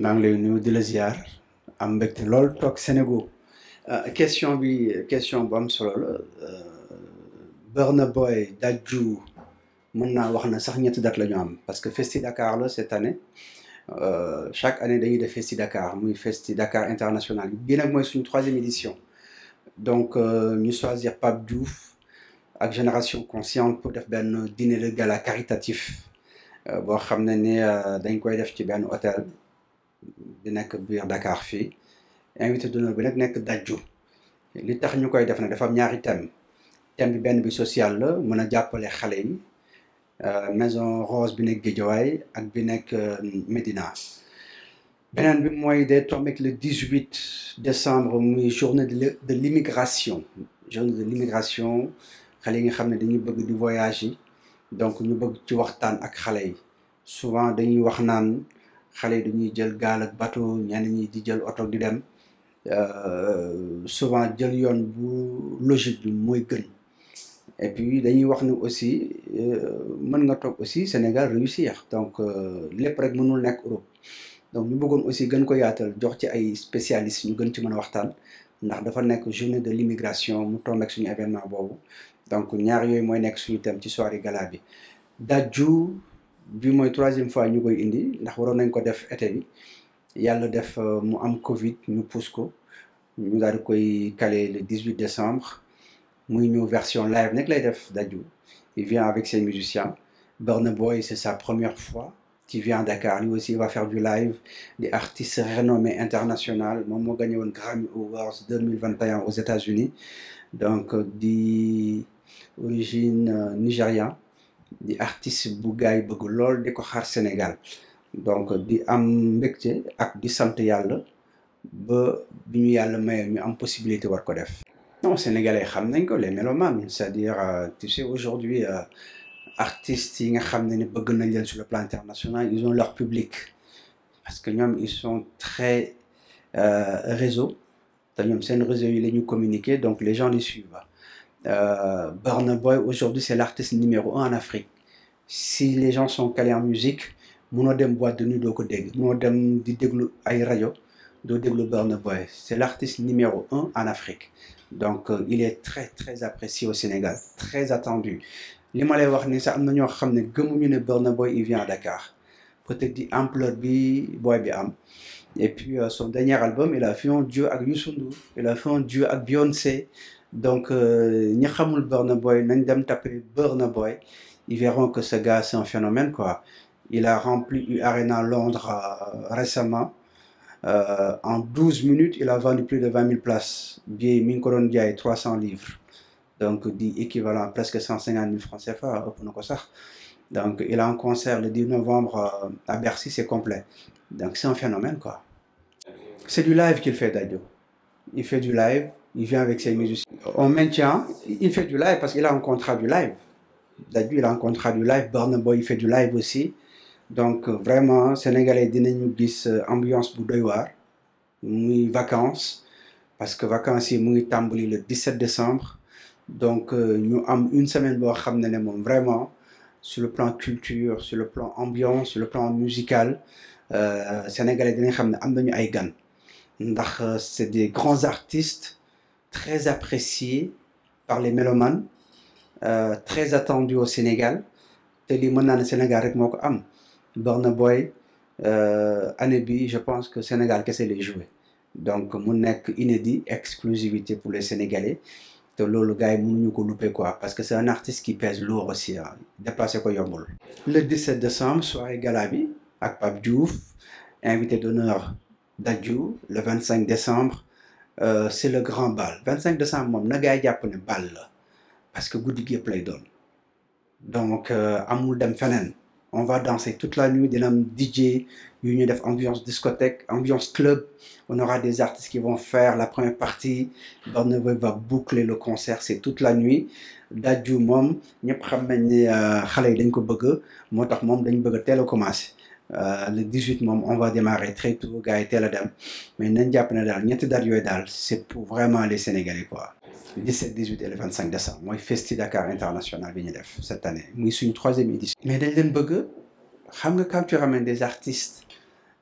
maa ngi lay nuyu di la am mbégte lool toog Sénégal euh, question bi question bu am solo la euh, Burna Boy Dadju mën naa wax na sax ñetti date la ñu am parce que Festi Dakar la cette année euh, chaque année dañuy def Festi Dakar muy Festi Dakar international bii nag mooy suñu troisième édition donc ni choisir Pape Diouf ak génération consciente pour def benn dîner de gala caritatif boo xam ne ni dañ koy def ci benn hôtel. bi nekk biir Dakar fii invité d'honneur bi nag nekk dajju li tax ñu koy def na dafa ñaari thème thème bi benn bi social la mën a jàppale xale yi euh, maison rose bi nekk Guédiawaye ak bi nekk euh, Médina beneen bi mooy day tombé le 18 décembre muy journée de l'immigration journée de l'immigration xale yi nga xam ne dañuy bëgg di voyage yi donc ñu bëgg ci waxtaan ak xale yi souvent dañuy wax naan xale yi dañuy jël gaal ak bateau ñenn ñi di jël oto di dem euh, souvent jël yoon bu logique bi mooy gën et puis dañuy wax ni aussi euh, mën nga toog aussi Sénégal réussir donc euh, lépp rek mënul nekk Europe donc ñu bëggoon aussi gën ko yaatal jox ci ay spécialistes ñu gën ci mën a waxtaan ndax dafa nekk journée de l'immigration mu tombe ak suñu événement boobu donc ñaar yooyu mooy nekk suñu thème ci soirée gala bi daju bi mooy troisième fois ñu koy indi ndax waroon nañ ko def été bi yàlla def euh, mu am Covid ñu pousse ko ñu daal di koy calé le 18 décembre muy ñëw version live nag lay def Dadju il vient avec ses musiciens Burna Boy c'est sa première fois qui vient à Dakar lui aussi il va faire du live des artistes renommés international moom moo gagné woon Grammy Awards 2021 aux États-Unis donc euh, di origine euh, nigériane di artiste bu yi bëgg lool di ko xaar Sénégal donc di am mbégte ak di sant yàlla ba bi ñu yàlla mayee ñu am possibilité war ko def non sénégalais xam nañ ko les mélomanes c'est-à-dire euh, tu sais aujourd'hui euh, artistes yi nga xam ne ne bëgg nañ leen sur le plan international ils ont leur public parce que ñoom ils sont très euh, réseau te ñoom seen réseau yi la ñu communiquer donc les gens les suivent Euh, Burna Boy aujourd'hui c'est l'artiste numéro un en Afrique si les gens sont calés en musique munoo dem boîte de nu doo ko dégg munoo dem di déglu ay rajo doo déglu Burna Boy c'est l'artiste numéro un en Afrique donc euh, il est très très apprécié au Sénégal très attendu li ma lay wax ni sa am na ñoo xam ne gëmuñu ne Burna Boy il vient à Dakar peut-être di ampleur bi boy bi am et puis euh, son dernier album il a fait un duo ak Youssou Ndour il a fait un duo ak Beyoncé donc euh, ñi xamul Burna Boy nañ dem taper Burna Boy ils verront que ce gars c'est phénomène quoi il a rempli U Arena Londres euh, récemment euh, en douze minutes il a vendu plus de vingt mille places billets mi ngi ko doon jaay trois cents livres donc di équivalent presque cent cinquante mille francs CFA ëpp ko sax donc il a un concert le 10 novembre euh, à Bercy c'est complet donc c'est un phénomène quoi c'est du live qu'il fait Dadju il fait du live il vient avec ses musiciens. On maintient, il fait du live parce qu'il a un contrat du live. D'ailleurs, il a un contrat du live. Burna Boy, fait du live aussi. Donc, euh, vraiment, Sénégalais, dinañu gis euh, ambiance bu doy waar muy vacances parce que vacances yi mu ngi tàmbali le 17 décembre. donc euh, ñu am une semaine boo xam ne ne moom vraiment sur le plan culture sur le plan ambiance sur le plan musical sénégalais dinañ xam ne am nañu ay gan c'est des grands artistes. très apprécié par les mélomanes euh, très attendu au Sénégal te lii mën naa ne Sénégal rek moo ko am Burna Boy euh, année bi je pense que Sénégal kese lay joué donc mu nekk inédit exclusivité pour les Sénégalais te loolu gars yi mënuñu ko louper quoi parce que c'est un artiste qui pèse lourd aussi ah dépassé ko yombul. le 17 décembre soirée gala bi ak Pape Diouf invité d'honneur Dadju le 25 décembre. Euh, c'est le grand bal 25 décembre moom na gaa yi jàpp ne bal la parce que guddi gi lay doon donc euh, amul dem feneen on va danser toute la nuit dina am yu ñu def ambiance discothèque ambiance club on aura des artistes qui vont faire la première partie Barnabé va boucler le concert c'est toute la nuit Dadju moom ñëpp xam nañ ne euh, xale yi dañ ko bëgg moo tax moom dañ bëgg a teel a commencer Euh, le 18 moom on va démarrer très tôt gars yi teel a dem mais nañ jàpp ne daal ñetti dates yooyu daal c'est pour vraiment les Sénégalais quoi. le 17 18 et le 25 décembre mooy Festi Dakar international bi ñu cette année muy suñu troisième édition. mais dañ leen bëgg xam nga quand tu ramènes des artistes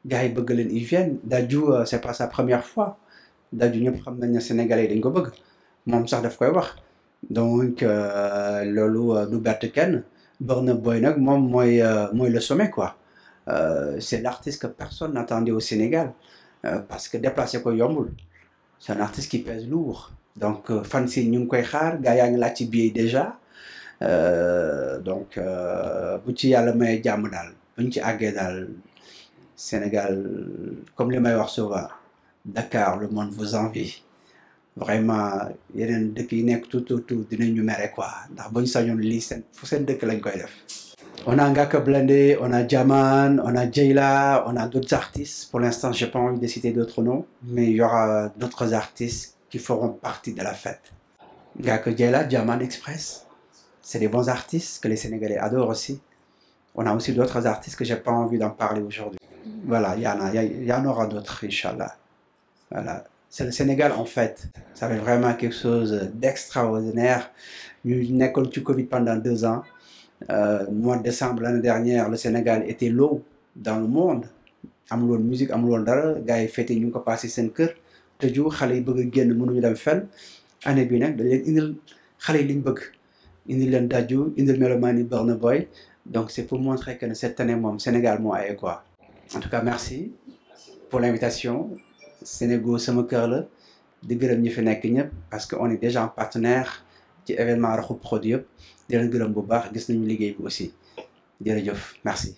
gars yi bëgg leen ils viennent Dadju euh, c'est pas sa première fois Dadju ñëpp xam nañ ne Sénégalais dañ ko bëgg moom sax daf koy wax donc euh, loolu du bett kenn Burna Boy nag moom mooy mooy le sommet quoi. Euh, c'est l'artiste que personne n'attendait au Sénégal euh, parce que déplacé ko yombul c'est un artiste qui pèse lourd donc euh, fan si ñu ngi koy xaar gaa yaa ngi laaj ci billet déjà donc bu ci yàlla may jàmm daal buñ ci àggee daal Sénégal comme li may wax souvent Dakar le monde vous envie vraiment yeneen dëkk yi nekk tout tout tout dinañu mere quoi ndax buñ sañoon lii seen fu seen dëkk lañ koy def On a Ngaka Blindé, on a Jaman, on a Jayla, on a d'autres artistes. Pour l'instant, j'ai pas envie de citer d'autres noms, mais il y aura d'autres artistes qui feront partie de la fête. Ngaka Jayla, Jaman Express, c'est des bons artistes que les Sénégalais adorent aussi. On a aussi d'autres artistes que j'ai pas envie d'en parler aujourd'hui. Mm-hmm. Voilà, il y, en a, y, y en aura d'autres, Inch'Allah. Voilà. C'est le Sénégal en fait. Ça fait vraiment quelque chose d'extraordinaire. Nous n'avons du Covid pendant deux ans. euh, mois de décembre l'année dernière le Sénégal était low dans le monde amul woon musique amul woon dara gars yi fête ñu ngi ko passé seen kër te ju xale yi bëgg a génn mënuñu dem fenn année bi nag dañ leen xale yi liñ bëgg indil leen daju indil mélomane yi Burna Boy donc c'est pour montrer que cette année moom Sénégal moo ay quoi. en tout cas merci pour l'invitation Sénégo sama kër la di gërëm ñi fi nekk ñëpp parce que on est déjà en partenaire ci événement Raxu Prod yëpp. di leen gërëm bu baax gis nañu liggéey bi aussi jërëjëf merci